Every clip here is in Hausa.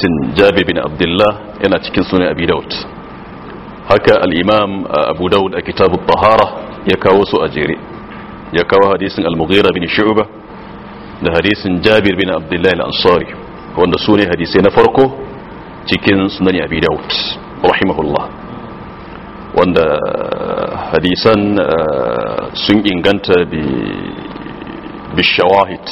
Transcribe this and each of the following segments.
hadisin jabi bin abdullah yana cikin sunan abi daud haka al-imam abu daud a kitab kitabu tahara ya kawo su a jere ya kawo hadisin al-mughira bin shu'bah da hadisin jabir bin abdullah al-ansari wanda sunan hadisi na farko cikin sunan abi daud rahimahullah wanda hadisan sun inganta bi bi shawahid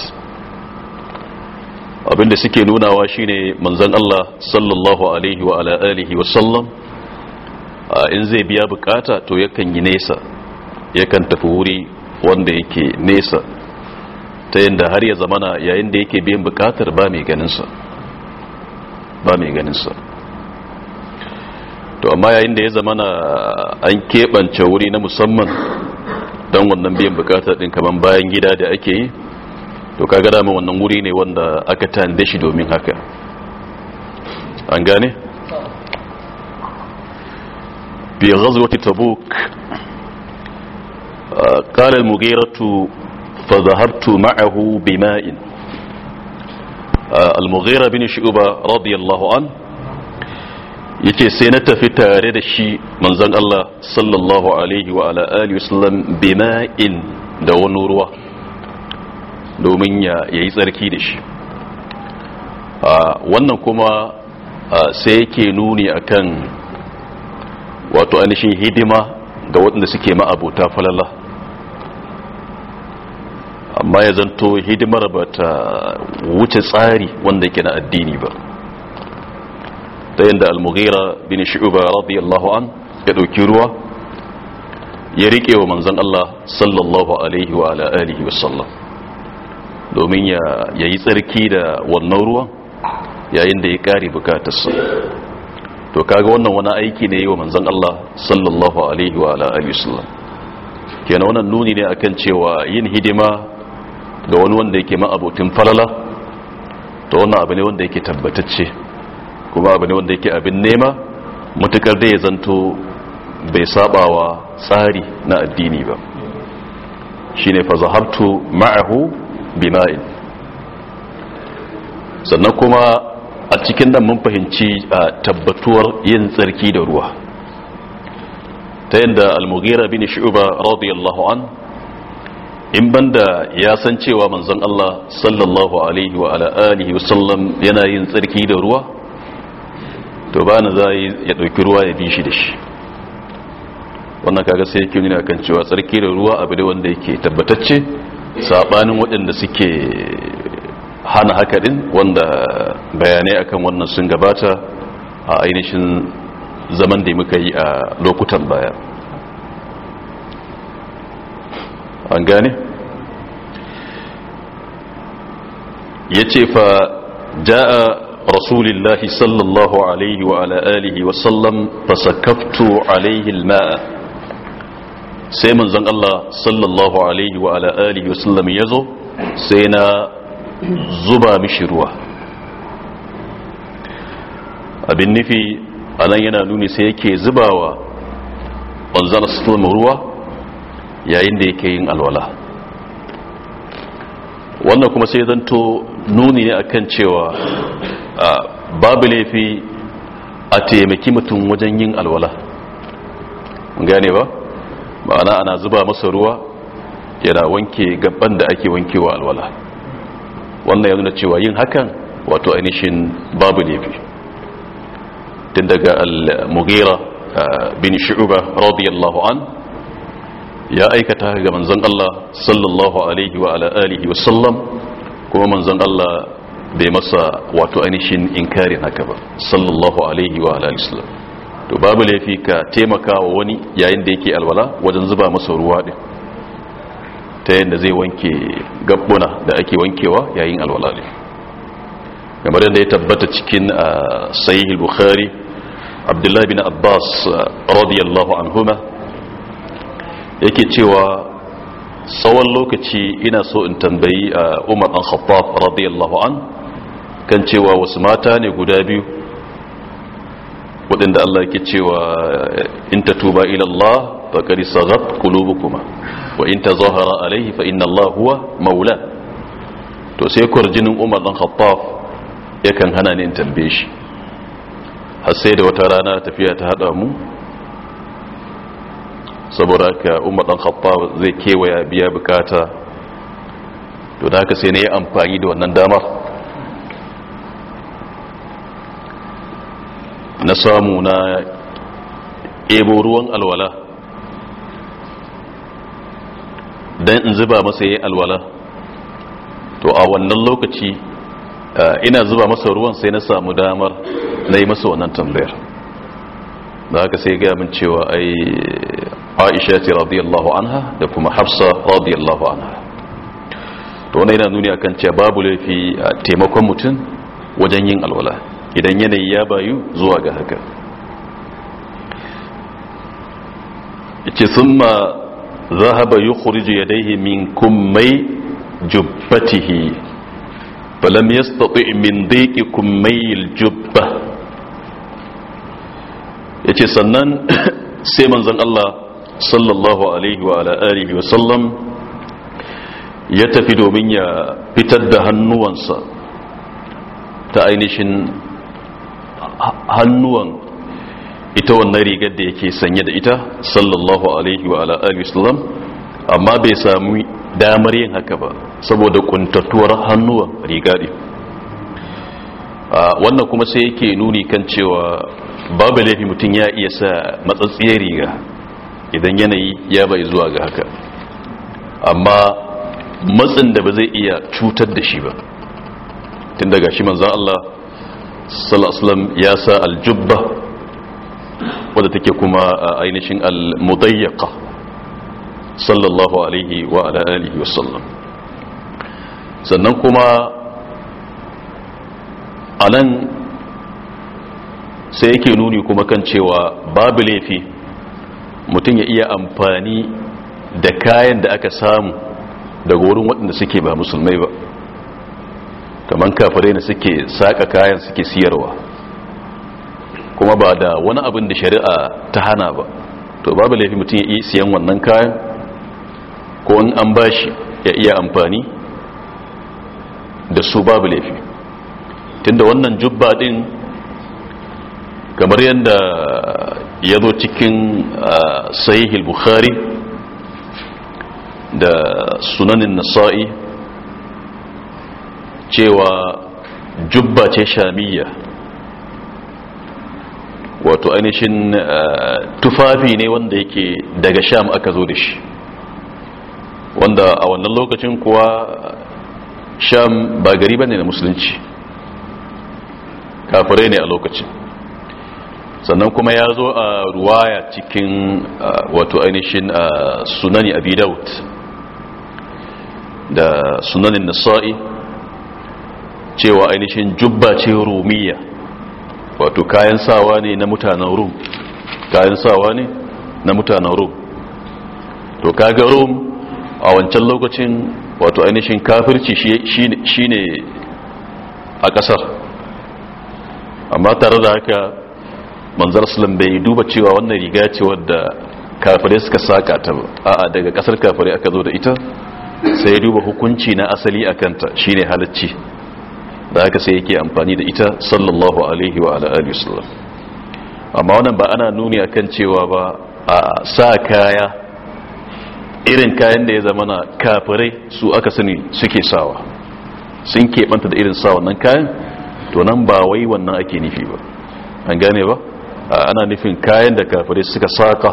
abinda suke nunawa shine manzon Allah sallallahu alaihi wa ala alihi wa sallam in zai biya bukata to yakan yi nesa yakan tafi wuri wanda yake nesa ta yadda har ya zamana yayin da yake biyan bukatar ba mai ganin sa. ba mai ganin sa. to amma yayin da ya zamana an keɓance wuri na musamman don wannan biyan bukatar ɗin kaman bayan gida da ake yi to kaga dama wannan wuri ne wanda aka tande shi domin haka an gane bi ghazwati tabuk قال المغيرة فذهبت معه بماء المغيرة بن شعوبة رضي الله an yake sai na tafi tare da shi manzon Allah sallallahu alaihi wa ala alihi wasallam bima'in da wani ruwa domin ya yi tsarki da shi wannan kuma sai yake nuni a kan wato ainihin hidima ga waɗanda suke ma'abota falala amma ya zanto hidimar ba ta wuce tsari wanda yake na addini ba ta yadda almughira bin shi'uba radiyallahu an ya ɗauki ruwa ya riƙe wa manzan Allah sallallahu alaihi wa alihi wasallam domin ya yi tsarki da wannan ruwan yayin da ya kare bukatarsa to kaga wannan wani aiki ne wa manzan Allah sallallahu alaihi wa alihi wasallam kenan wannan nuni ne akan cewa yin hidima ga wani wanda yake ma'abotin falala to wannan abu ne wanda yake tabbatacce kuma abu ne wanda yake abin nema mutukar da ya zanto bai sabawa tsari na addini ba shine fa zahabtu ma'ahu bima'in sannan kuma a cikin nan mun fahimci a tabbatuwar yin tsarki da ruwa ta yadda almugira bini bin shu'ba radiyallahu an in banda ya san cewa manzon Allah sallallahu alaihi wa ala yana yin tsarki da ruwa to a za ya ɗauki ruwa ya bi shi da shi wannan kaga sai yake nuna kan cewa tsarki da ruwa abu ne wanda yake tabbatacce sabanin waɗanda suke hana haka din wanda bayanai akan wannan sun gabata a ainihin zaman da muka yi a lokutan baya an gane ya ce fa ja'a رسول sallallahu alaihi wa عليه وعلى آله وسلم فسكبت عليه sai manzon Allah sallallahu alaihi wa ala alihi wasallam yazo sai na zuba mishi ruwa abin nufi alan yana nuni sai yake zubawa manzon sallam ruwa yayin da yake yin alwala wannan kuma sai zanto nuni ne akan cewa babu laifi a taimaki mutum wajen yin alwala gane ba ma'ana ana zuba masa ruwa yana wanke gaban da ake wankewa alwala wannan ya nuna cewa yin hakan wato ainihin babu laifi tun daga al-mughira bin shu'ba radiyallahu an ya aikata ga manzon Allah sallallahu alaihi wa ala alihi wa sallam kuma manzon Allah bai masa wato ainihin inkarin haka ba sallallahu alaihi wa ala alihi wa sallam to babu laifi ka taimaka wa wani yayin da yake alwala wajen zuba masa ruwa din ta yadda zai wanke gabbuna da ake wankewa yayin alwala ne kamar yadda ya tabbata cikin ah, sahih bukhari abdullahi bin abbas ah, radiyallahu anhuma yake cewa tsawon lokaci ina so in tambayi ah, umar an khattab radiyallahu an kan cewa wasu mata ne guda biyu waɗanda Allah yake cewa in tatuba ila Allah faqad kulubu kuma, wa in tazahara alaihi fa inna Allah huwa maula to sai kurjinin Umar dan Khattab yakan hana ni in tambaye shi har sai da wata rana tafiya ta hada mu saboda ka Umar dan Khattab zai kewaya biya bukata to da haka sai na yi amfani da wannan damar na samu na ebo ruwan alwala don in zuba masa alwala to a wannan lokaci ina zuba masa ruwan sai na samu damar na yi masa wannan tambayar da haka sai gaya min cewa ai aisha ce radiyallahu anha da kuma hafsa radiyallahu anha to wani yana nuni akan cewa babu laifi a taimakon mutum wajen yin alwala idan yanayi ya bayu zuwa ga haka ce sun ma zahaba yi kurji ya daihi min kummai jubbatihi falam ya staɗi min daiki kummai jubba ya ce sannan sai manzan Allah sallallahu alaihi wa ala'arihi sallam ya tafi domin ya fitar da hannuwansa ta ainihin hannuwan ita wannan rigar da yake sanye da ita sallallahu alaihi wa alihi wasallam amma bai samu damar yin haka ba saboda kuntatuwar hannuwan riga wannan kuma sai yake nuni kan cewa babu laifi mutum ya iya sa matsatsiyar riga idan yanayi ya bai zuwa ga haka amma matsin da ba zai iya cutar da shi ba tun daga shi manzan Allah salasalam ya sa aljubba wadda take kuma a ainihin almudayyaka sallallahu alaihi wa ala wasallam sannan kuma a nan sai yake nuni kuma kan cewa babu laifi mutum ya iya amfani da kayan da aka samu daga wurin waɗanda suke ba musulmai ba kamar kafirai ne suke saka kayan suke siyarwa kuma ba da wani abin da shari'a ta hana ba to babu laifi mutum ya iya siyan wannan kayan ko in an bashi ya iya amfani da su babu laifi tunda wannan jubba din kamar yadda ya zo cikin sahihul bukhari da sunanin nasa'i cewa jubba ce shamiya, wato ainihin eh, tufafi ne wanda yake daga sham aka zo da shi wanda a wannan lokacin kuwa sham ba gari ba ne na musulunci kafirai ne a lokacin sannan kuma ya zo a ruwaya cikin eh, wato ainihin eh, sunani abidaut da sunanin nasa'i cewa ainihin jubba ce rumiya wato kayan sawa ne na mutanen rum kayan sawa ne na mutanen rum to kaga rum a wancan lokacin wato ainihin kafirci shi ne a ƙasar amma tare da haka manzar sulam bai duba cewa wannan riga ce wadda kafirai suka saka ta a'a daga ƙasar kafirai aka zo da ita sai duba hukunci na asali a kanta shi ne halacci da aka sai yake amfani da ita sallallahu alaihi wa alihi wasallam amma wannan ba ana nuni akan cewa ba a sa kaya irin kayan da ya zama na kafirai su aka sani suke sawa sun keɓanta da irin sa wannan kayan to nan ba wai wannan ake nufi ba an gane ba ana nufin kayan da kafirai suka saka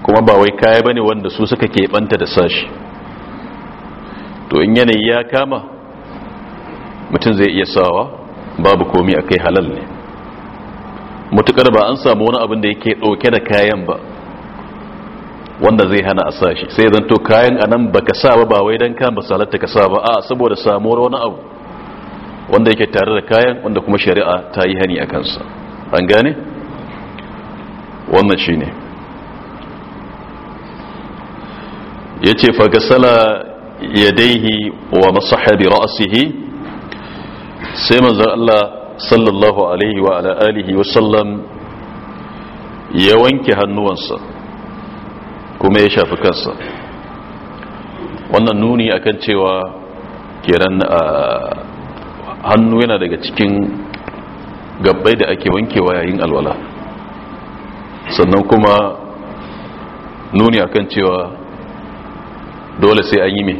kuma ba wai kaya bane wanda su suka keɓanta da sashi to in yanayi ya kama mutum zai iya sawa babu komi a kai halal ne mutukar ba an samu wani abin da yake ɗauke da kayan ba wanda zai hana a sashi sai zan to kayan a nan ba ka sa ba ba wai don kan ba salatta ka sa ba a saboda samuwar wani abu wanda yake tare da kayan wanda kuma shari'a ta yi hani a kansa an gane wannan shi ne ya ce fagasala ya daihi wa masu haɗi ra'asihi sai manzan Allah sallallahu alaihi wa ala alihi wa sallam ya wanke hannuwansa kuma ya shafi kansa wannan nuni akan cewa kiran hannu yana daga cikin gabbai da ake wankewa yayin alwala sannan kuma nuni akan cewa dole sai an yi me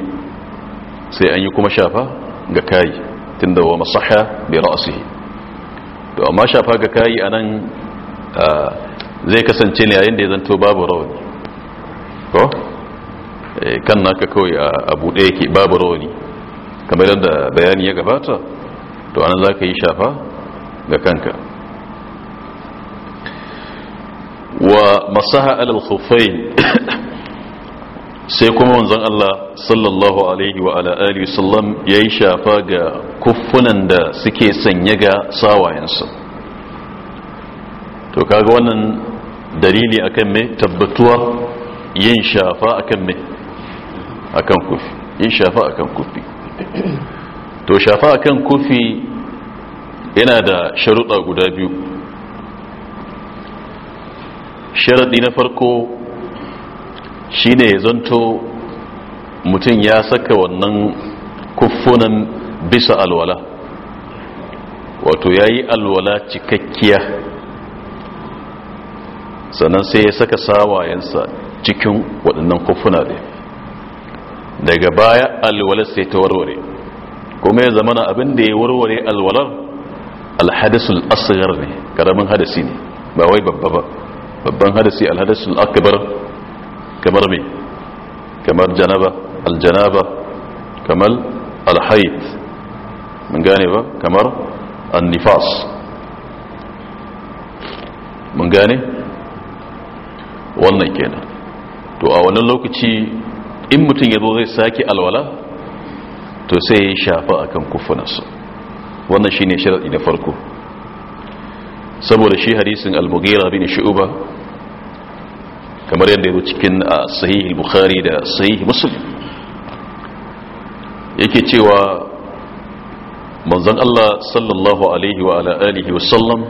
sai an yi kuma shafa ga kayi tunda wa masaha bi ra'sihi to amma shafa ga kai anan zai kasance ne yayin da ya zanto babu rawani ko eh, kan naka kawai a buɗe yake babu rawani kamar yadda bayani ya gabata to anan zaka yi shafa ga kanka wa masaha alal khuffain sai kuma wanzan Allah sallallahu alaihi wa ala sallam sallam yi shafa ga kuffunan da suke sanye ga sawayensu to kaga wannan dalili akan me tabbatuwar yin shafa akan me akan kufi yin shafa akan kufi to shafa akan kufi yana da sharuɗa guda biyu sharaɗi na farko Shi shine zanto mutum ya saka wannan kuffunan bisa alwala wato ya yi alwala cikakkiya sannan sai ya saka sawayensa cikin waɗannan kuffuna ɗaya daga baya alwalar sai ta warware kuma ya zamana abin da ya warware alwalar alhadisul asigar ne karamin hadasi ne ba wai babba ba babban hadasi alhadisul akbar kamar mai kamar janaba aljanaba kamar alhait mun gane ba kamar annifas mun gane wannan kenan to a wannan lokaci in mutum ya zo zai sake alwala to sai ya shafa akan kufunansa wannan shine sharadi na farko saboda shi hadisin al-mughira bin shu'ba kamar yadda yau cikin sahih bukhari da sahih muslim yake cewa manzon Allah sallallahu alaihi wa ala alihi wa sallam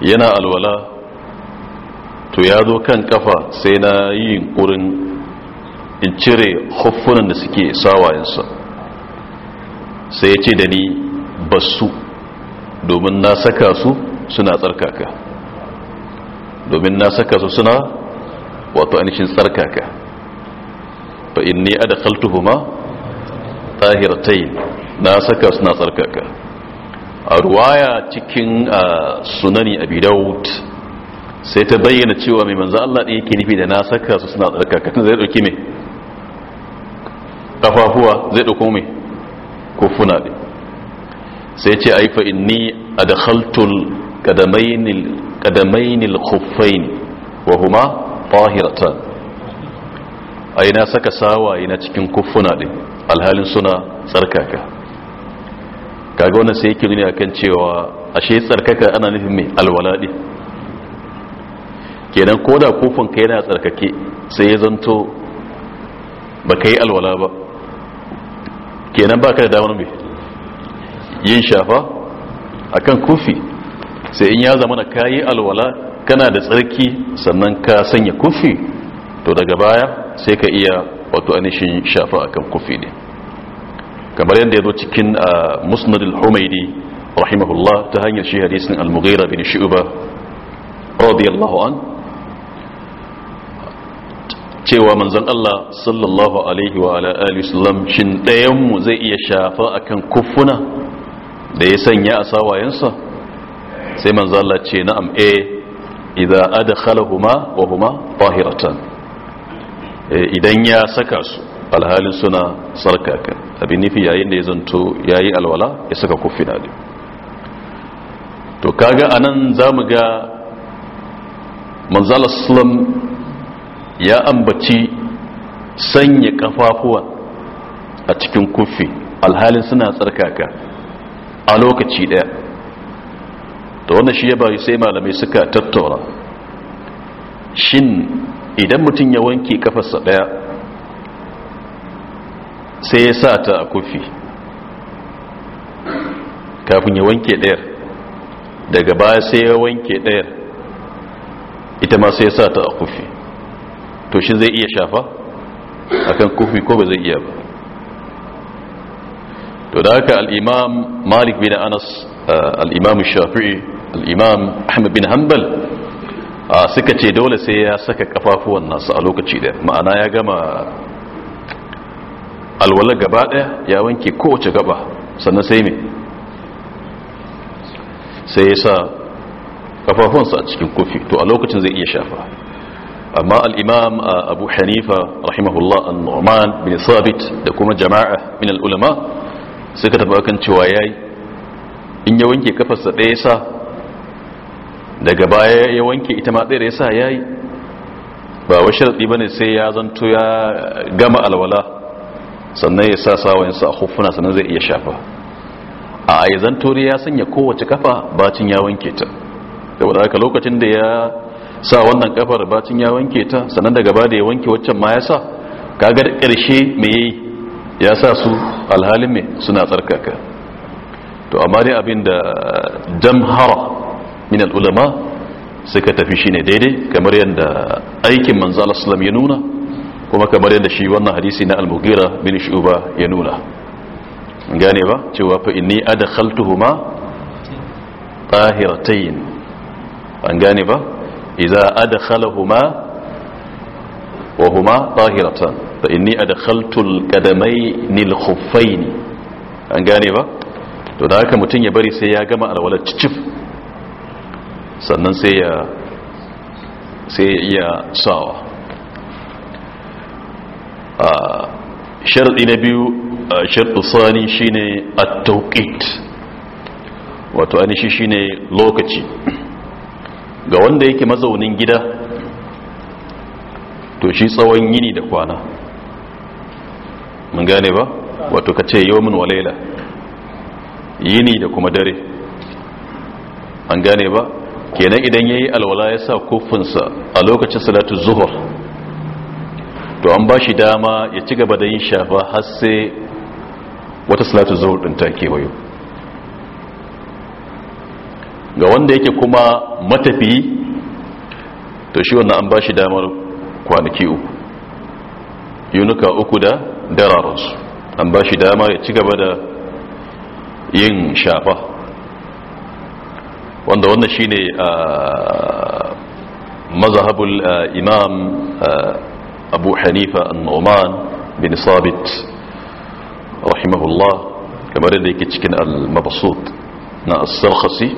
yana alwala to ya zo kan kafa sai na yi yunkurin in cire huffunan da suke sawayensa sai ya ce da ni basu domin na saka su suna tsarkaka domin na saka su suna wato ainihin tsarkaka fa inni adkhaltuhuma tahiratayn na saka suna tsarkaka a ruwaya cikin sunani abi daud sai ta bayyana cewa mai manzo Allah da yake nufi da na saka su suna tsarkaka tun zai dauki me kafafuwa zai dauko me kufuna din sai ce ai fa inni adkhaltul qadamainil qadamaini al-khuffain wa huma tahiratan aina saka sawaye na cikin kuffuna din alhalin suna tsarkaka kaga wannan sai yake nuni akan cewa ashe tsarkaka ana nufin mai alwaladi kenan koda kofin ka yana tsarkake sai ya zanto ba ka alwala ba kenan baka da damar mai yin shafa akan kufi. sai in ya zama na kayi alwala kana da tsarki sannan ka sanya kufi to daga baya sai ka iya wato anishin shafa akan kufi ne kamar yadda ya zo cikin ah, musnad al-humaidi rahimahullah ta hanyar shi hadisin al-mughira bin shu'ba radiyallahu an cewa manzon Allah sallallahu alaihi wa ala alihi wasallam shin dayan mu zai iya shafa akan kuffuna da ya sanya a sawayensa sai manzo Allah ce na'am eh idza adkhalahuma wa huma tahiratan eh, idan ya saka su alhalin suna sarkaka abin nufi yayin da ya zanto yayi alwala ya saka kufina ne to kaga anan zamu ga manzo Allah sallam ya ambaci sanya kafafuwa a cikin kufi alhalin suna tsarkaka a lokaci daya to wannan shi ya bari sai malamai suka tattaura shin idan mutum ya wanke kafarsa daya sai ya sa ta a kufi kafin ya wanke dayar daga baya sai ya wanke dayar ita ma sai ya sa ta a kufi to shi zai iya shafa akan kufi ko ba zai iya ba to da haka al'imam malik bin anas al'imam shafi'i al'imam ahmad bin hanbal suka ce dole sai ya saka kafafuwan nasa a lokaci da ma'ana ya gama alwala gaba daya ya wanke kowace gaba sannan sai mai sai ya sa kafafuwansa a cikin kofi to a lokacin zai iya shafa amma al'imam abu hanifa rahimahullah al bin sabit da kuma jama'a min al'ulama suka taba akan cewa ya yi in ya wanke kafarsa ɗaya sa daga baya ya wanke ita ma tsere ya sa ya yi ba wa sharaɗi ba ne sai ya zanto ya gama alwala sannan ya sa sawayensa a hufuna sannan zai iya shafa a ya zanto ya sanya kowace kafa bacin ya wanke ta saboda haka lokacin da ya sa wannan kafar bacin ya wanke ta sannan daga ba da ya wanke waccan ma ya sa kagar ƙarshe mai ya sa su alhalin mai suna tsarkaka to amma dai abin da jamhara min al'ulama suka tafi shi ne daidai kamar yadda aikin manzala salam ya nuna kuma kamar yadda shi wannan hadisi na al-mugira bin shuba ya nuna gane ba cewa fa inni adkhaltuhuma tahiratayn an gane ba idza adkhalahuma wa huma tahiratan fa inni adkhaltu al-qadamayni al-khuffayn an gane ba to da haka mutum ya bari sai ya gama alwalar cicif sannan sai ya sai ya iya sawa sharɗi na biyu a sharɗu sani shine at tauƙit wato shi ne lokaci ga wanda yake mazaunin gida to shi tsawon yini da kwana mun gane ba wato ka ce yawmin walaila yini da kuma dare an gane ba kenan idan yayi alwala ya sa kofinsa a lokacin salatu zuhur to an ba shi dama ya ci gaba da yin shafa har sai wata salatu zuhur ɗin ta kewayo ga wanda yake kuma matafiyi to shi wannan an ba shi damar kwanaki uku yunuka uku da dararansu an ba shi dama ya ci gaba da yin shafa wanda wannan shine mazhabul imam abu hanifa an-nu'man bin sabit rahimahullah kamar da yake cikin al-mabsut na as-sarkhasi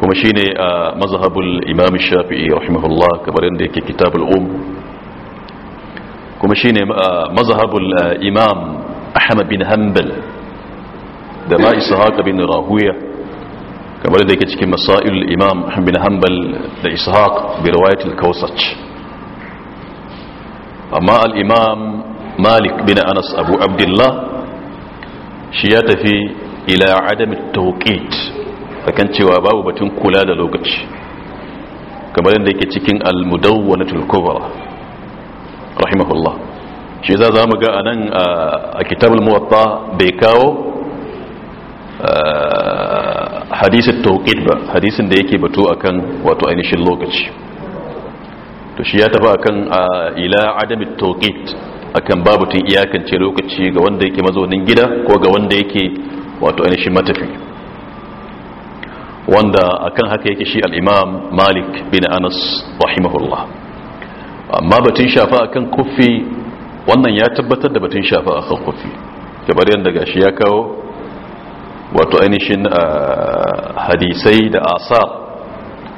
kuma shine mazhabul imam shafi'i rahimahullah kamar da yake kitab al-um kuma shine mazhabul imam ahmad bin hanbal da ma ishaq bin rahuya kamar da ke cikin masail imam bin hanbal da ishaq bi riwayat al amma al-imam malik bin anas abu abdullah shi ya tafi ila adam at-tawqit akan cewa babu batun kula da lokaci kamar da yake cikin al-mudawwanatul kubra rahimahullah shi za za mu ga anan a kitabul muwatta bai kawo hadisin tauqid ba hadisin da yake bato akan wato ainihin lokaci to shi ya taba akan ila adamit tauqid a kan tun iyakance lokaci ga wanda yake mazaunin gida ko ga wanda yake wato ainihin matafi wanda akan haka yake shi al Malik bin Anas rahimahullah amma batun shafa akan kufi wannan ya tabbatar da batun shafa akan kufi kamar yadda gashi ya kawo wato ainihin ah, hadisai da asar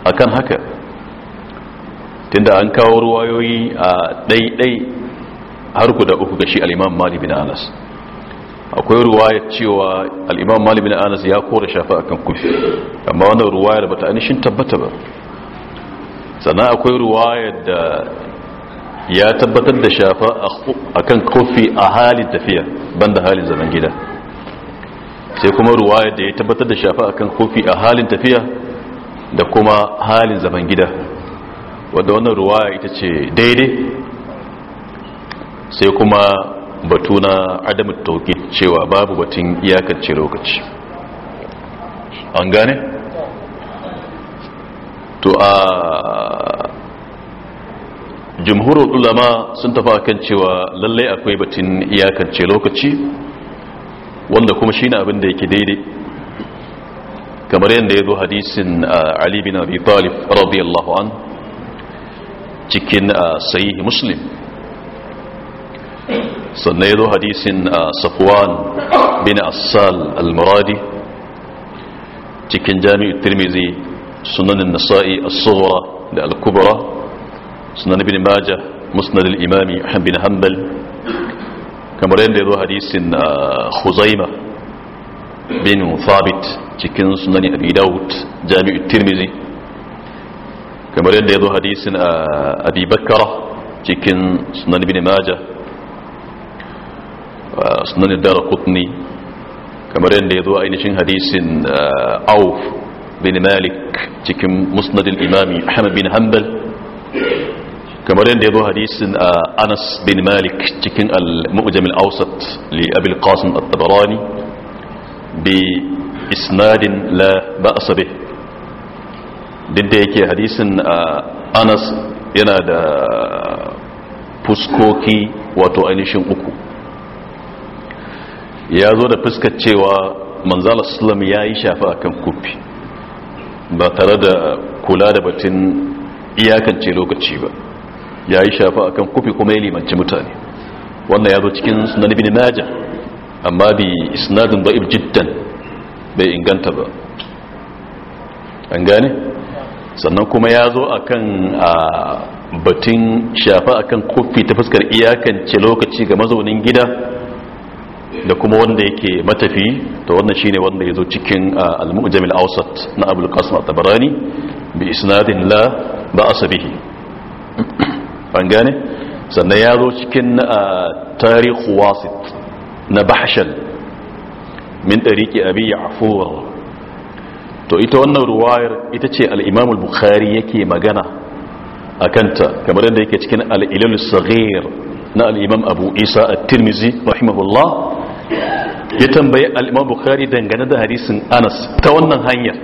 akan haka tunda an kawo ruwayoyi a ah, ɗaiɗai har guda uku ga shi al'imam malibin anas akwai ruwayar cewa al'imam malibin anas ya kora shafa akan kufi amma wannan ruwayar ba ta ainihin tabbata ba sannan akwai ruwayar da ya tabbatar da shafa akan kofi a halin tafiya banda halin zaman gida sai kuma ruwaya da ya tabbatar da shafa akan kofi a halin tafiya da kuma halin zaman gida wadda wannan ruwaya ita ce daidai sai kuma batu na adamu tauki cewa babu batun iyakance lokaci an gane? to a jumhurin ulama sun tafa kan cewa lallai akwai batun iyakance lokaci wanda kuma shine abin da yake daidai kamar yadda ya zo hadisin ali bin abi talib radiyallahu an cikin sahih muslim sannan ya zo hadisin safwan bin assal al-muradi cikin tirmidhi sunan an nasa'i as-sughra da al-kubra sunan ibn majah musnad al-imami ahmad bin hanbal kamar yadda ya zo hadisin huzaima bin thabit cikin sunani abi daud jami'u tirmizi kamar yadda ya zo hadisin abi bakkara cikin sunani bin maja sunani dara kutni kamar yadda ya zo ainihin hadisin auf bin malik cikin musnadin imami ahmad bin hanbal kamar yadda ya zo hadisin a uh, anas bin malik cikin al-mu'jam al li abil qasim at-tabarani bi isnadin la ba'sa bih duk da yake hadisin uh, anas yana da fuskoki wato ainihin uku ya zo da fuskar cewa manzala islam ya yi shafa a kan kufi ba tare da kula da batun iyakance lokaci ba ya yi shafa akan kufi kuma ya limanci mutane wannan ya zo cikin sunan ibn naja amma bi isnadin da'if jiddan bai inganta ba an gane sannan kuma ya zo akan a batun shafa akan kufi ta fuskar iyakance lokaci ga mazaunin gida da kuma wanda yake matafi to wannan shine wanda ya zo cikin al-mu'jam awsat na abul qasim at-tabarani bi isnadin la ba'as asabihi an gane sannan ya zo cikin tarihu wasit na bahshal min ɗariƙi abi ya'fur to ita wannan ruwayar ita ce al-imam al-bukhari yake magana akanta kamar yadda yake cikin al-ilal saghir na al-imam abu isa at-tirmizi rahimahullah ya tambaye al-imam bukhari dangane da hadisin anas ta wannan hanyar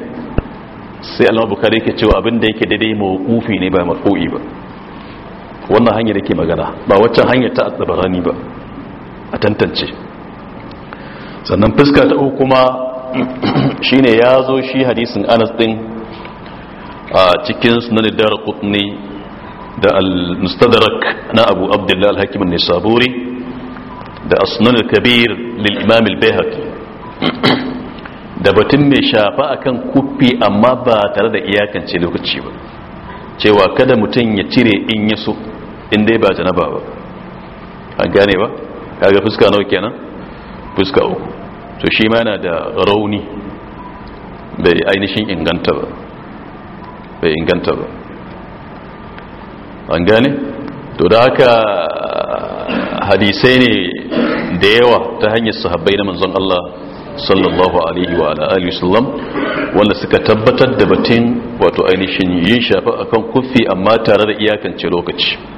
sai al-imam bukhari yake cewa abin da yake daidai mawqufi ne ba marfu'i ba wannan hanyar yake magana ba waccan hanyar ta tsabarani ba a tantance sannan fuska ta uku kuma shine ya zo shi hadisin anas din a cikin sunanin dar qutni da al-mustadrak na abu abdullah al-hakim an-nisaburi da asnan al-kabir lil imam al da batun mai shafa a kan kufi amma ba tare da iyakance lokaci ba cewa kada mutum ya cire in ya so in dai ba janaba ba an gane ba kaga fuska nawa kenan fuska uku to shi ma yana da rauni bai ainihin inganta ba bai inganta ba an gane to da haka hadisai ne da yawa ta hanyar sahabbai na manzon Allah sallallahu alaihi wa alihi wasallam wanda suka tabbatar da batun wato ainihin yin shafa akan kufi amma tare da iyakance lokaci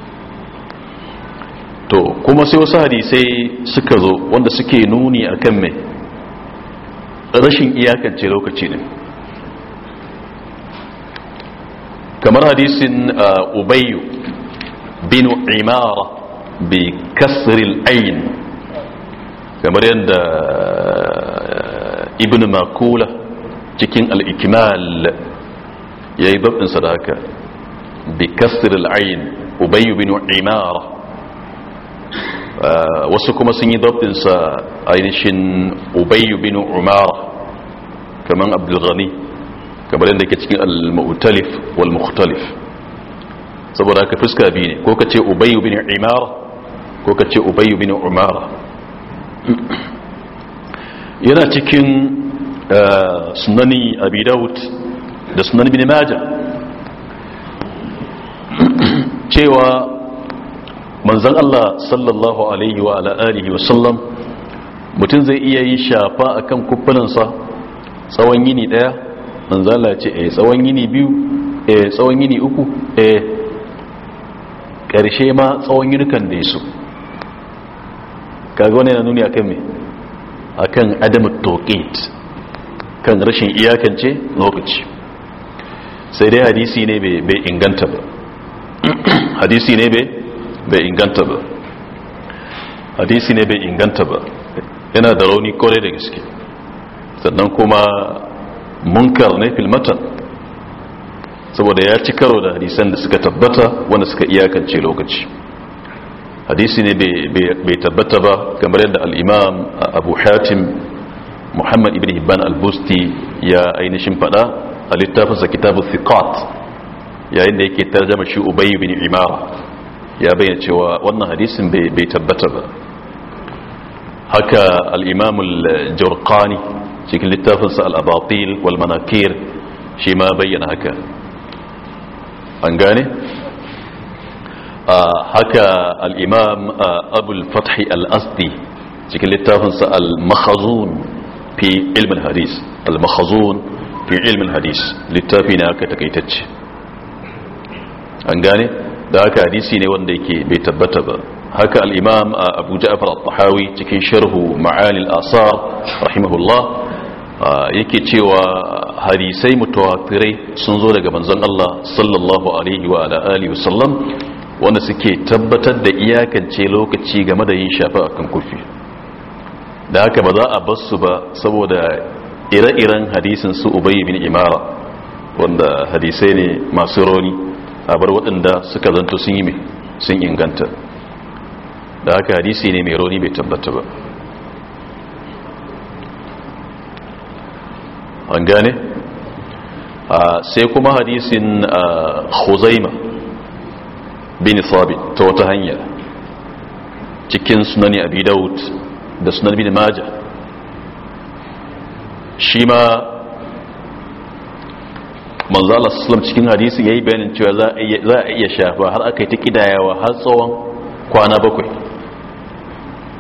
to kuma sai wasu hadisai suka zo wanda suke nuni akan mai rashin iyakance lokaci ne kamar hadisin uh, ubayyu bin imara bi kasril ayin kamar yadda uh, ibn makula cikin al'ikimal ya yi babin sadaka bi kasril ayin ubayyu bin imara Uh, wasu kuma sun yi dabtinsa ainihin ubayu bin umar kamar abdulghani kamar yadda ke cikin al-mu'talif wal-mukhtalif saboda ka fuska biyu ne ko ka ce ubayu bin umar ko ka ce ubayu bin umar yana cikin uh, sunani abi da sunan bin maja cewa manzan Allah sallallahu alaihi wa wa wasallam mutum zai iya yi shafa a kan kufinansa tsawon yini ɗaya, manzan Allah ce a eh, tsawon yini biyu a eh, tsawon yini uku a eh. karshe ma tsawon yinukan da yaso kaga wani yana nuni akan a akan adamu tokit kan rashin iyakance lokaci sai dai hadisi ne bai inganta ba hadisi ne bai bai inganta ba hadisi ne bai inganta ba yana da rauni kore da gaske sannan kuma munkar ne filmatan saboda ya ci karo da hadisan da suka tabbata wanda suka iyakance lokaci hadisi ne bai tabbata ba kamar yadda al'imam abu hatim muhammad ibn hibban al-busti ya ainihin fada a littafinsa kitabu thiqat yayin da yake tarjama shi ubayi bin imara ya bayyana cewa wannan hadisin bai tabbata ba haka al-imam al-jurqani cikin littafinsa al-abatil wal manakir shi ma bayyana haka an gane haka al-imam abul fathi al-asdi cikin littafinsa al-makhazun fi ilmin hadis al-makhazun fi ilmin hadis littafi ne aka takaitacce an gane da haka hadisi ne wanda yake bai tabbata ba haka al-imam Abu Ja'far al-Tahawi cikin sharhu Ma'ali al-Asar rahimahullah yake cewa hadisai mutawatirai sun zo daga manzon Allah sallallahu alaihi wa ala alihi wasallam wanda suke tabbatar da iyakance lokaci game da yin shafa akan kufi da haka ba za a bar su ba saboda ire-iren hadisin su Ubay bin Imara wanda hadisai ne masu rauni a bar waɗanda suka zanto sun yi sun inganta da haka hadisi ne mai rauni bai tabbata ba an gane sai kuma hadisin huzaima bin thabit ta wata hanya cikin sunani abi daud da sunan bin maja shi ma manzala sallam cikin hadisin yayi bayanin cewa za a iya shafa har aka yi ta kidayawa har tsawon kwana bakwai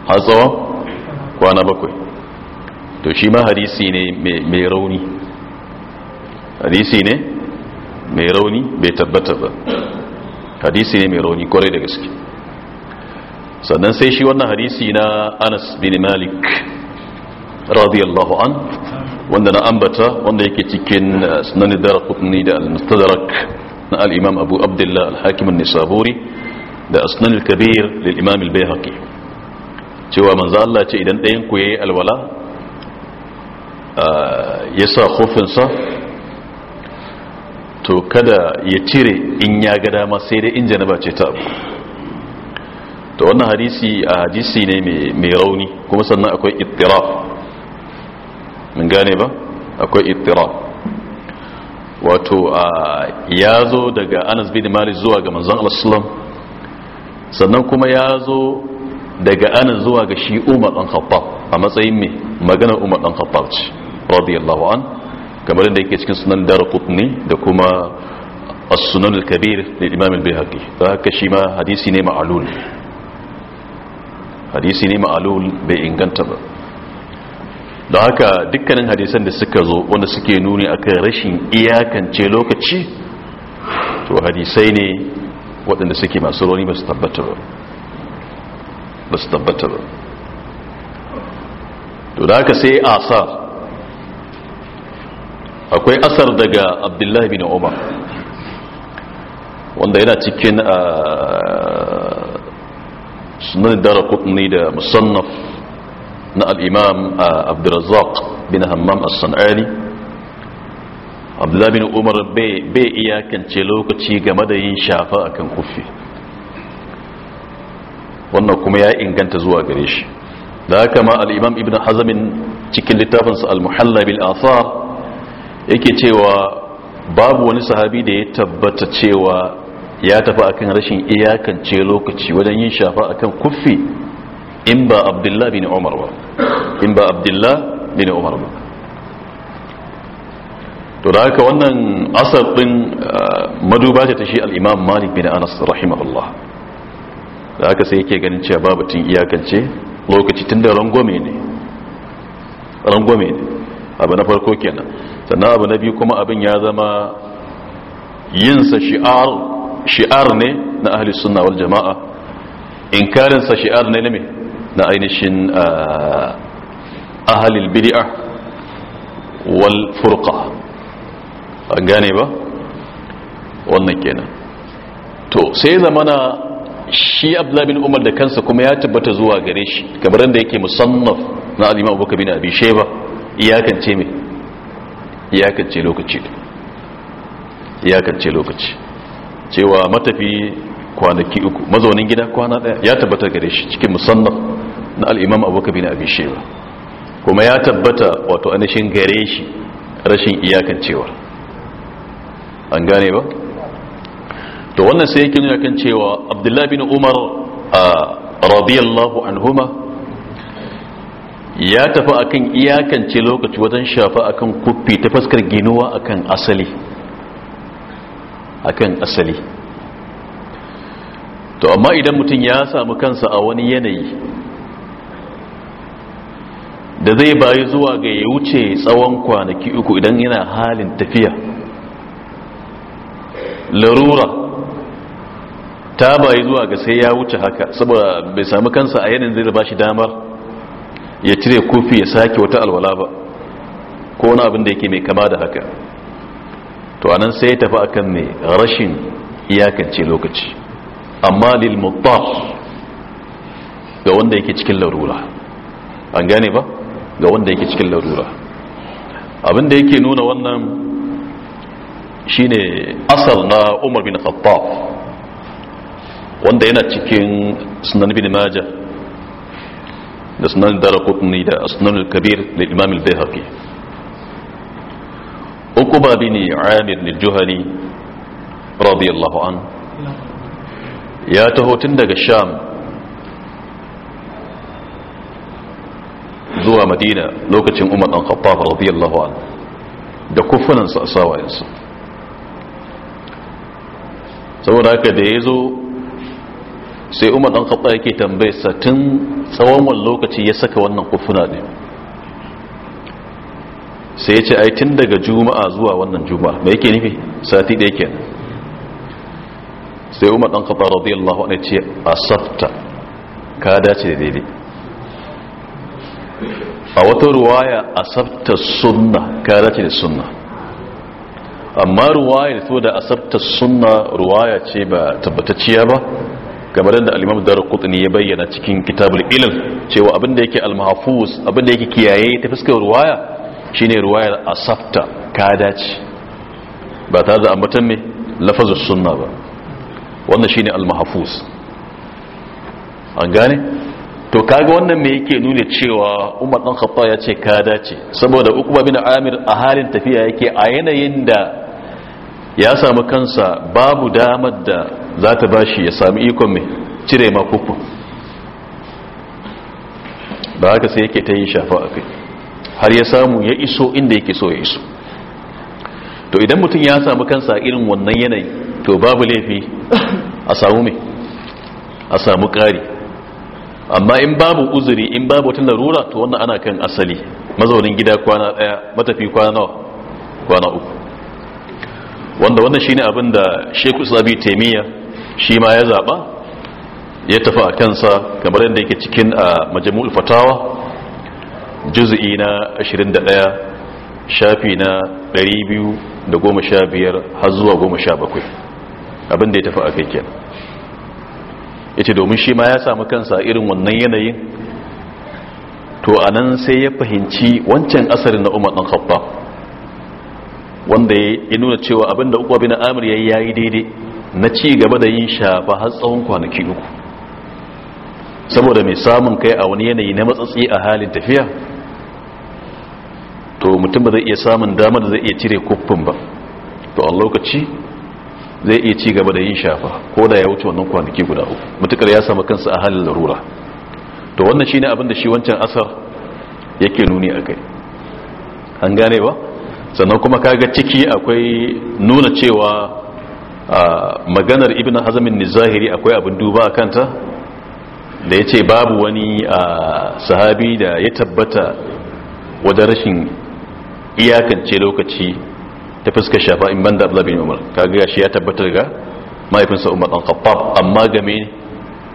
har tsawon kwana bakwai to shi ma hadisi ne mai rauni hadisi ne mai rauni bai tabbata ba hadisi ne mai rauni kwarai da gaske sannan sai shi wannan hadisi na anas bin malik radiyallahu an wanda na ambata wanda yake cikin uh, sunan darqutni da al-mustadrak na al-imam abu abdullah al-hakim an-nisaburi da asnan al-kabir lil imam al-bayhaqi cewa manzo Allah ce idan ɗayan ku yayi alwala uh, ya sa khufin sa to kada ya cire in ya ga dama sai dai in janaba ce ta abu to wannan hadisi a uh, hadisi ne mai rauni kuma sannan akwai ittiraf mun gane ba akwai ittirab wato ya zo daga anas bin malik zuwa ga manzon Allah sallam sannan kuma ya zo daga anas zuwa ga shi umar dan khattab a matsayin me magana umar dan khattab ce radiyallahu an kamar da yake cikin sunan darqutni da kuma as-sunan al-kabir da imam al-bihaqi da haka shi ma hadisi ne ma'lul hadisi ne ma'lul bai inganta ba Da haka dukkanin hadisan da suka zo wanda suke nuni akan rashin iyakance lokaci to hadisai ne waɗanda suke masu rauni ba su tabbata ba ba su tabbata ba to da haka sai asar akwai asar daga abdullahi bin umar wanda yana cikin ah, sunan dara ne da musannaf na al'imam uh, abdurazzaq bin hammam as-san'ani abdullahi bin umar bai iyakance lokaci game da yin shafa kan kufi wannan kuma ya inganta zuwa gare shi da haka ma al'imam ibn hazamin cikin littafinsa al-muhalla bil asar yake cewa babu wani sahabi da ya tabbata cewa ya tafi akan rashin iyakance lokaci wajen yin shafa akan kufi in ba abdullahi bin umar ba in ba abdullahi bin umar ba to da haka wannan asar din ah, maduba ta shi al malik bin anas rahimahullah da haka sai yake ganin cewa babu tun iyakance lokaci tun da rangome ne rangome ne abu na farko kenan sannan abu na biyu kuma abin ya zama yinsa shi'ar shi'ar ne na ahli sunna wal jama'a karinsa shi'ar ne na me na ainihin ahalil bid'a wal furqa an gane ba wannan kenan to sai zamana shi abdullahi bin umar da kansa kuma ya tabbata zuwa gare shi kamar da yake musannaf na al-imam abubakar bin abi shayba iyakance me iyakance lokaci iyakance lokaci cewa matafi kwanaki uku mazaunin gida kwana daya ya tabbata gare shi cikin musannaf na al'imam abokan bin abin shewa kuma ya tabbata wato anashin gare shi rashin cewa an gane ba to wannan sai yake nuna kan cewa abdullahi bin umar radiyallahu anhuma ya tafi akan iyakance lokaci wajen shafa akan kuffi ta fuskar ginuwa akan asali akan asali to amma idan mutum ya samu kansa a wani yanayi da zai bayi zuwa ga ya wuce tsawon kwanaki uku idan yana halin tafiya larura ta bayi zuwa ga sai ya wuce haka saboda bai sami kansa a yanin zai ba shi damar ya cire kofi ya sake wata alwala ba ko wani abin da yake mai kama da haka to anan sai ya tafi akan ne rashin iyakance lokaci amma lil ga wanda yake cikin larura an gane ba ga wanda yake cikin larura abinda yake nuna wannan shine asal na umar bin khattab wanda yana cikin sunan bin majah da sunan daraqutni da sunan kabir da imam al-bayhaqi uquba bin amir al-juhani radiyallahu an ya taho tun daga sham madina lokacin umar ɗan khattab rabiyar lahuwa da kufunan a sawayensu saboda haka da ya zo sai umar ɗan khattab yake tambayarsa tun tsawon wani lokaci ya saka wannan kufuna ne sai ya ce ai tun daga juma'a zuwa wannan juma'a mai yake nufi sati ɗaya kenan sai umar ɗan khattab rabiyar lahuwa ne ce a safta ka dace da daidai a wata ruwaya asabta sunna ka ce da sunna amma ruwaya to da asabta sunna ruwaya ce ba tabbatacciya ba gabar da alimam imam darqutni ya bayyana cikin kitabul ilm cewa abinda yake al abinda yake kiyaye ta fuskar ruwaya shine ruwayar asabta ka dace ba ta da ambatan me lafazin sunna ba wannan shine al an gane to kaga wannan me yake nuna cewa umar dan khattab ya ce ka dace saboda ukba bin amir a halin tafiya yake a yanayin da ya samu kansa babu damar da za ta bashi ya sami ikon mai cire makukun Ba haka sai yake ta yin shafa a kai har ya samu ya iso inda yake so ya iso to idan mutum ya samu kansa irin wannan yanayi to babu laifi a samu mai a samu ƙari amma in babu uzuri in babu wata larura to wannan ana kan asali mazaunin gida kwana daya matafi kwana nawa kwana uku wanda wannan shine abin da Sheikh Usabi Taimiya shi ma ya zaba ya tafi a kansa kamar yadda yake cikin a Majmu'ul Fatawa juz'i na 21 shafi na 215 har zuwa 17 abin da ya tafi a kai kenan ya domin shi ma ya samu kansa irin wannan yanayin to a nan sai ya fahimci wancan asarin na umar ɗan haɓɓa wanda ya nuna cewa abinda uku abin amir ya yi daidai na ci gaba da yin shafa har tsawon kwanaki uku saboda mai samun kai a wani yanayi na matsatsi a halin tafiya to mutum ba zai iya samun damar da zai iya cire kuffin ba to a lokaci zai iya ci gaba da yin shafa ko da ya wuce wannan kwanaki guda uku mutukar ya samu kansa a halin larura to wannan shine abin da shi wancan asar yake nuni a kai an gane ba sannan kuma kaga ciki akwai nuna cewa maganar ibn ni nizahiri akwai abin duba a kanta da ya ce babu wani sahabi da ya tabbata wajen rashin iyakance lokaci ta fuska shafa in banda Abdullah bin Umar kaga shi ya tabbatar ga mahaifinsa Umar dan Khattab amma game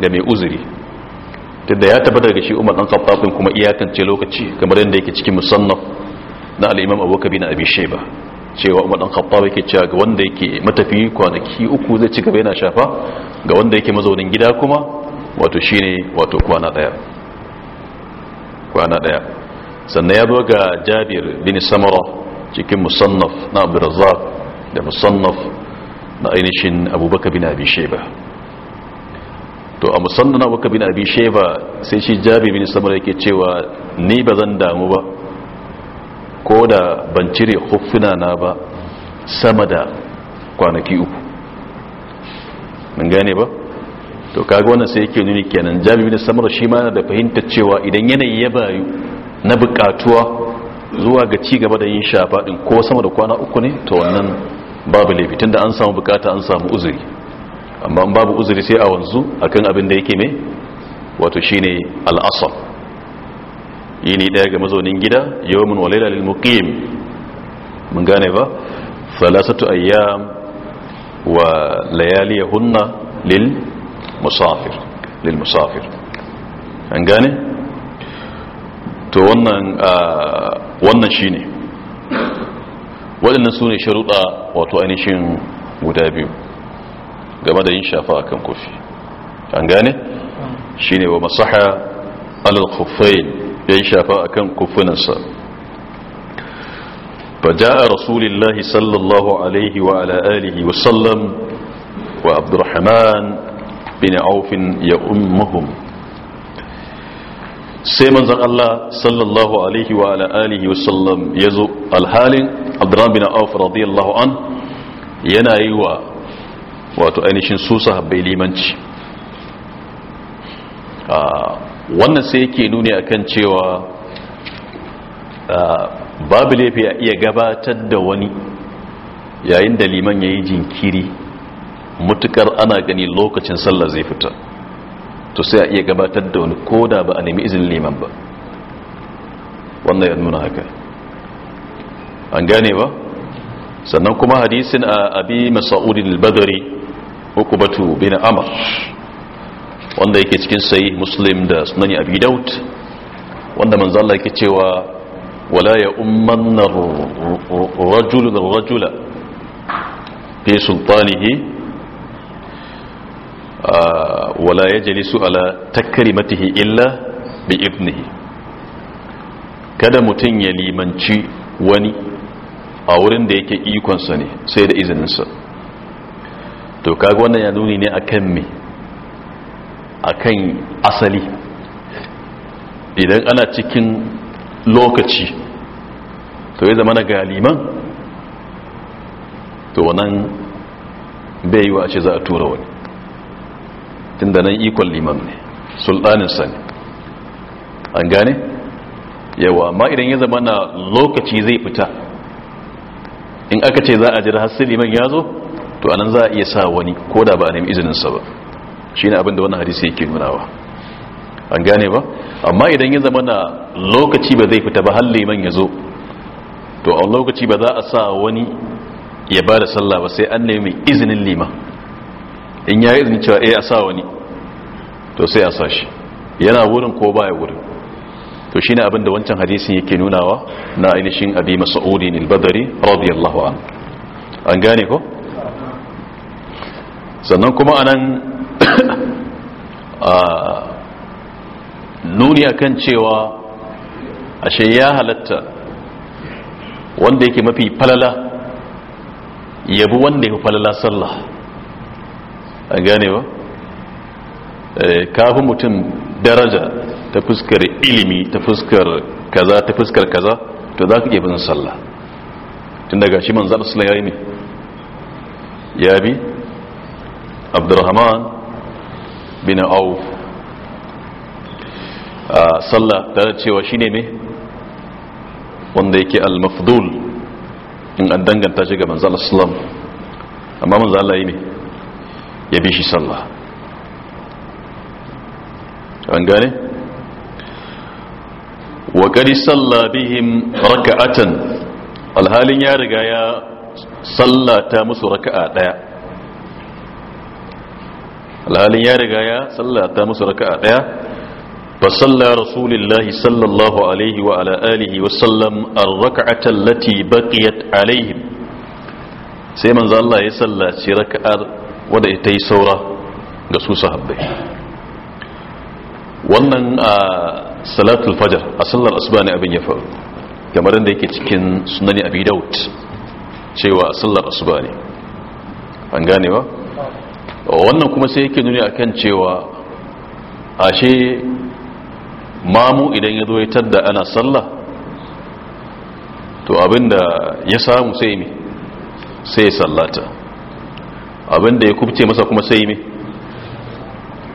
da mai uzuri tunda ya tabbatar ga shi Umar dan Khattab din kuma iyakance lokaci kamar yadda yake cikin musannaf na al-Imam Abubakar bin Abi Shayba cewa Umar dan Khattab yake cewa ga wanda yake matafi kwanaki uku zai ci gaba yana shafa ga wanda yake mazaunin gida kuma wato shine wato kwana daya kwana daya sannan ya zo ga Jabir bin Samura cikin musannaf na abdurazak da musannaf na ainihin abubakar bin abi to a musannaf na abubakar bin abi sai shi jabi bin samar yake cewa ni ba zan damu ba ko da ban cire huffina na ba sama da kwanaki uku mun gane ba to kaga wannan sai yake nuni kenan jami'in samar shi ma da fahimtar cewa idan yanayi ya bayu na bukatuwa zuwa ga ci gaba da yin shafa ko sama da kwana uku ne to wannan babu laifi tunda an samu bukata an samu uzuri amma an babu uzuri sai a wanzu akan abin da yake me wato shine al'asal yini daya ga mazaunin gida yawmin walaila lil muqim mun gane ba thalathatu ayyam wa hunna lil musafir lil musafir an gane to wannan shi ne waɗannan su ne sharuɗa wato ainihin guda biyu game da yin shafa a kan kofi an gane shi shine wa masaha alal ya yayin shafa a akan kufunansa فجاء رسول الله صلى الله عليه وعلى آله وسلم وعبد الرحمن بن عوف يأمهم sai manzan Allah sallallahu alaihi wa ala wa sallam ya zo alhalin abdurrahman bin auf radiyallahu an yana yi wa wato ainihin Susa habbai limanci ah, wannan sai yake nuni kan cewa ah, babu laifi a iya gabatar da wani yayin da liman ya yi jinkiri mutukar ana gani lokacin sallah zai fita to sai a iya gabatar da wani ko da ba a nemi izinin liman ba wannan ya nuna haka an gane ba sannan kuma hadisin a abi masa'udin al-badari hukubatu bin amr wanda yake cikin sai muslim da sunani abi daud wanda manzo Allah yake cewa wala ya ummanna rajulun rajula fi sultanihi wala yajlisu ala takrimatihi illa bi ibnihi kada mutun ya limanci wani a wurin da yake ikonsa ne sai da izininsa to kaga wannan ya nuni ne akan me akan asali idan ana cikin lokaci to ya zama na liman to wannan bai yi wa a ce za a tura wani tunda nan ikon liman ne sultaninsa ne an gane yawa amma idan ya zama na lokaci zai fita in aka ce za a jira har sai liman ya zo to anan za a iya sa wani ko da ba a nemi izininsa ba shi ne abinda wannan hadisi yake nunawa an gane ba amma idan ya zama na lokaci ba zai fita ba har liman ya zo to a lokaci ba za a sa wani ya ba da sallah ba sai an nemi izinin liman in ya yi izini cewa ya eh, a sa wani to sai a sa shi yana wurin ko baya wurin to shine abin da wancan hadisin yake nunawa na ainihin abi mas'udin al-badri radiyallahu an an gane ko sannan kuma anan nuni akan cewa ashe ya halatta wanda yake mafi falala yabi wanda ya falala sallah a gane ba eh, kafin mutum daraja ta fuskar ilimi ta fuskar kaza ta fuskar kaza to za ka iya bin sallah tun daga shi manzan sallah ya yi ne ya bi abdurrahman bin auf sallah tare cewa shi ne mai wanda yake al-mafdul in an danganta shi ga manzan sallam amma manzan Allah yi ne ya bi shi sallah an gane wa kadi salla bihim raka'atan alhalin ya riga ya sallata musu raka'a daya alhalin ya riga ya sallata musu raka'a daya فصلى رسول الله صلى الله عليه وعلى آله وسلم الركعة التي بقيت عليهم سيما الله يصلى ركعة wadda ita yi saura ga su sahabbai wannan a salatul fajar a sallar asuba ne abin ya faru kamar da yake cikin sunani abi daud cewa a sallar asuba ne an gane ba wannan kuma sai yake nuni akan cewa ashe mamu idan ya zo ya tadda ana sallah to abinda ya samu sai ne sai ya sallata abinda ya kubce masa kuma sai mai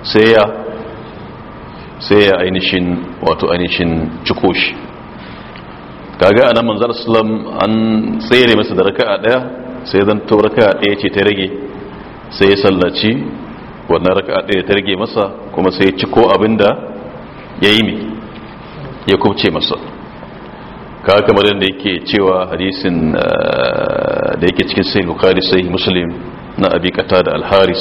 sai ya sai ya ainihin wato ainihin ciko shi kaga anan manzar sallam an tsere masa da raka a daya sai zan to a daya ce ta rage sai ya sallaci wannan a daya ta rage masa kuma sai ya ciko abinda yi mai ya kubce masa ka kamar yadda yake cewa hadisin eh, da yake cikin sai bukari sai muslim na abi qatada al-haris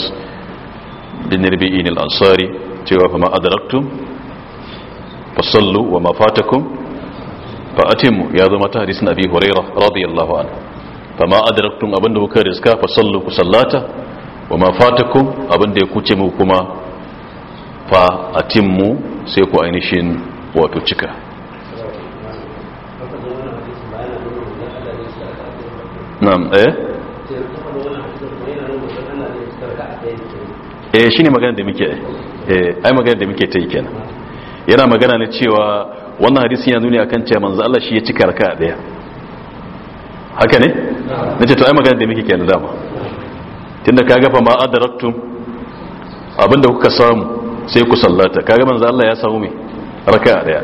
bin rabi'in al-ansari cewa fa ma adraktum sallu wa ma fatakum fa atimu ya zama ta hadisin abi hurairah radiyallahu anhu fa ma adraktum da kuka riska sallu ku sallata wa ma fatakum da ya kuce mu kuma fa atimmu sai ku ainihin wato cika na'am eh eh shine magana da muke eh ai magana da muke ta yi kenan yana magana ne cewa wannan hadisin yana nuni akan cewa manzo Allah shi ya cika raka daya haka ne nace to ai magana da muke kenan dama tunda kaga fa ma adraktum abinda kuka samu sai ku sallata kaga manzo Allah ya samu me raka daya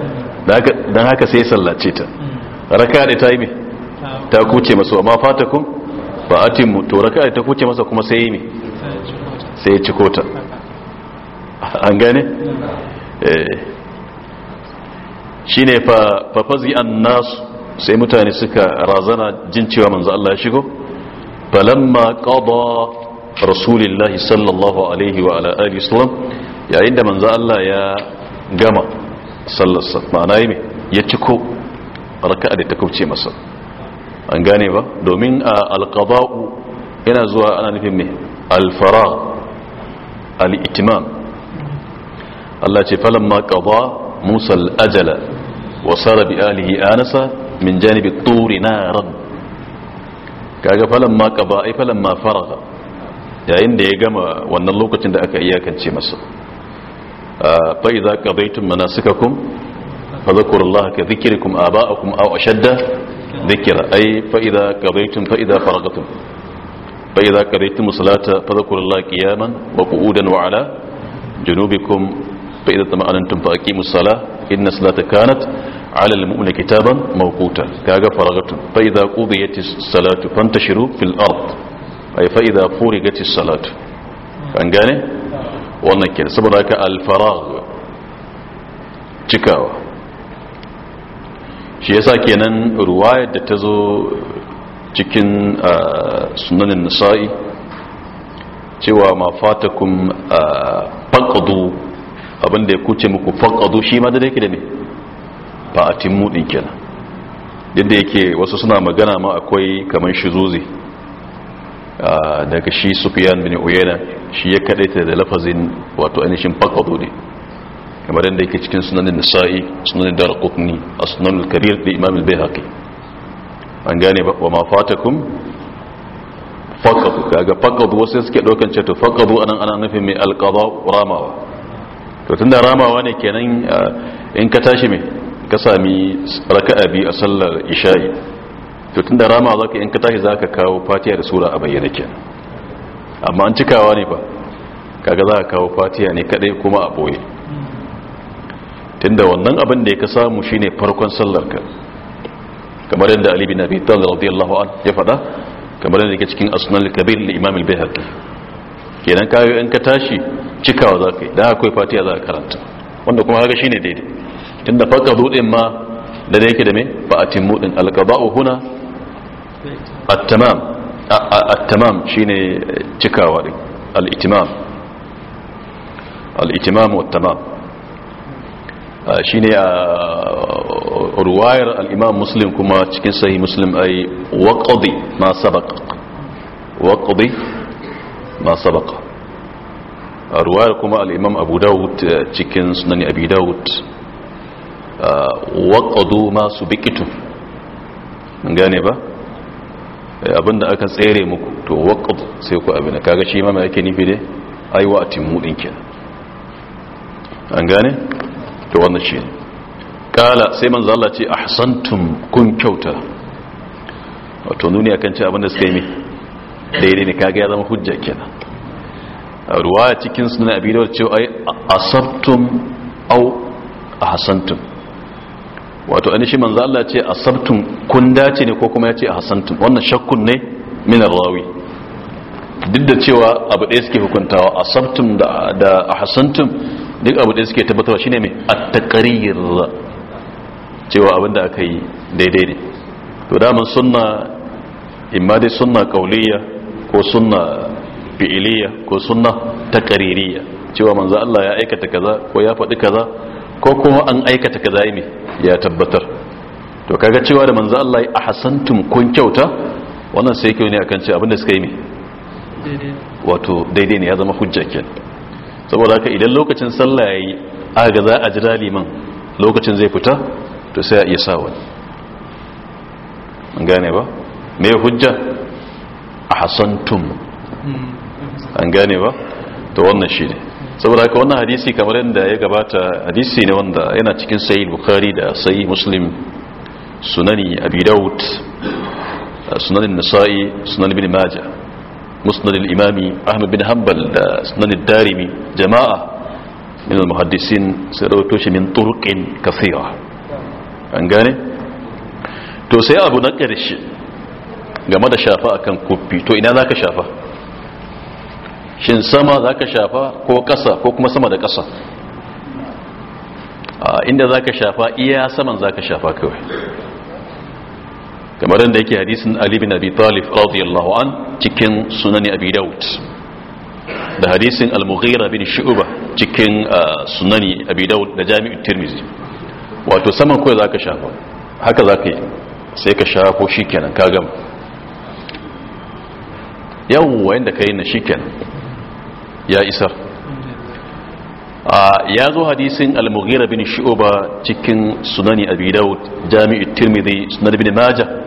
dan haka sai ya sallace ta raka da ta yi me ta kuce masa ma fatakum ba atimu to raka'a ta kuce masa kuma sai yi me sai ya ciko ta an gane eh. shi ne fafazi an nasu sai mutane suka razana jin cewa manzo Allah ya shigo falamma qada rasulillahi sallallahu alaihi wa ala alihi wasallam yayin da manzo Allah ya gama sallarsa sa ma'ana yi ya ciko raka'a da ta kauce masa an gane ba domin alqada'u yana zuwa ana nufin me alfaragh al'itimam Allah ce falamma ƙaba musa ajala. wasara bi alihi anasa min janibi turi na ran kaga falamma ƙaba ai falamma faraga yayin da ya gama wannan lokacin da aka iyakance masa bai za ka baitun mana suka kun fazakurullah ka zikirikun aba'akun au ashadda zikira ai ka baitun faragatun bai za ka raitu musulata fazakurullah kiyaman wa ku'udan wa ala junubikum bai da tsammanin fa aki musala inna salata kanat ala al-mu'mina kitaban mawquta kaga faragatun ku idza qudiyatis salatu fantashiru fil ard ay fa idza furigatis salatu kan gane wannan ke saboda haka al-faragh cikawa shi yasa kenan ruwayar da ta zo cikin uh, sunanin nisa'i cewa ma fatakun uh, fankadu abinda ya kuce muku fankadu shi ma da yake da ne ba a timmu ɗin kenan yadda yake wasu suna magana ma akwai kamar zuzi uh, daga shi sufiyan bin uyena shi ya kadaita da lafazin wato ainihin fankadu ne kamar yadda yake cikin sunanin nisa'i sunanin darakotni a sunanin karir da imamul bai haƙi an gane ba wa ma faqadu kaga faqadu wasu suke daukan ce to faqadu anan ana nufin mai alqada ramawa to tunda ramawa ne kenan eh, in ka tashi me ka sami raka'a bi a sallar isha'i to tunda ramawa zaka in ka tashi zaka kawo fatiha da sura a bayyana kenan amma an cikawa ne fa kaga za ka kawo fatiha ne kadai kuma a boye tunda wannan abin da ya ka samu shine farkon sallar ka kamar yadda ali bin abi talib radiyallahu an ya faɗa kamar yadda yake cikin al kabir li imam al-bayhaqi kenan kayo in ka tashi cikawa zakai dan akwai fatiha za ka karanta wanda kuma haka shine daidai tunda farka dudin ma da yake da me a atimmu din al-qada'u huna at-tamam at-tamam shine cikawa din al-itimam al-itimam at tamam shi ne a ruwayar al'imam muslim kuma cikin sahi muslim a yi waƙaɗi ma sabaka waƙaɗi ma sabaka a ruwayar kuma al'imam abu dawud cikin sunani abu dawud waƙaɗu masu bikitu gane ba abinda aka tsere muku to waƙaɗu sai ku abin kaga shi ma mai ake nufi dai aiwa a timudin kenan an gane? to wannan shi ne kala sai manzo Allah ce ahsantum kun kyauta wato nuni akan ce abin da suka yi ne daidai ne kaga ya zama hujja kenan ruwa cikin sunan abi dawud ce ai asabtum au ahsantum wato an shi manzo Allah ce asabtum kun dace ne ko kuma ya ce ahsantum wannan shakkun ne min rawi duk da cewa abu ɗaya suke hukuntawa asabtum da da ahsantum duk abu da suke tabbatarwa shine mai at-taqrir cewa abinda aka yi daidai ne to mun sunna imma dai sunna kauliyya ko sunna fi'iliyya ko sunna taqririyya cewa manzo Allah ya aikata kaza ko ya faɗi kaza ko kuma an aikata kaza ne ya tabbatar to kaga cewa da manzo Allah ya ahsantum kun kyauta wannan sai kyau ne akan ce abinda suka yi ne wato daidai ne ya zama hujja kenan saboda haka idan lokacin sallah yayi aga za a jira liman lokacin zai fita to sai a iya sa wani an gane ba me hujja a hasantum an gane ba to wannan shi ne saboda haka wannan hadisi kamar yadda ya gabata hadisi ne wanda yana cikin sahih bukhari da sahih muslim sunani abi daud sunanin nasa'i sunan ibn majah musnad al-imami ahmad bin hanbal da sunan ad jama'a min al-muhaddisin sai rawaito shi min turqin kathira an gane to abu na ƙarshe game da shafa akan kofi to ina zaka shafa shin sama ka shafa ko ƙasa ko kuma sama da ƙasa inda zaka shafa iya saman zaka shafa kawai kamar da yake hadisin Ali bin Abi Talib radiyallahu an cikin sunani Abi Dawud da hadisin Al-Mughira bin Shu'ba cikin uh, sunani Abi Dawud da Jami'ut Tirmidhi wato saman koyi zaka shafa haka zaka yi sai ka shafo shikenan ka gama yawwa inda kai na shikenan ya isa uh, ya zo hadisin al-mughira bin shu'ba cikin sunani abi daud jami'ut tirmidhi sunan ibn majah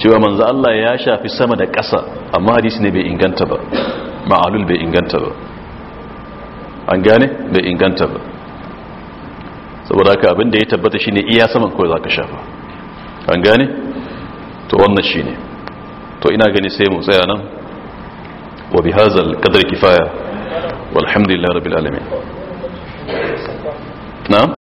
cewa manzo Allah ya shafi sama da ƙasa amma hadisi ne bai inganta ba ma'alul bai inganta ba an gane bai inganta ba saboda haka abin da ya tabbata shine iya saman kawai zaka shafa an gane to wannan shine to ina gani sai mu tsaya nan wa bi hadzal qadri kifaya walhamdulillahi rabbil alamin na'am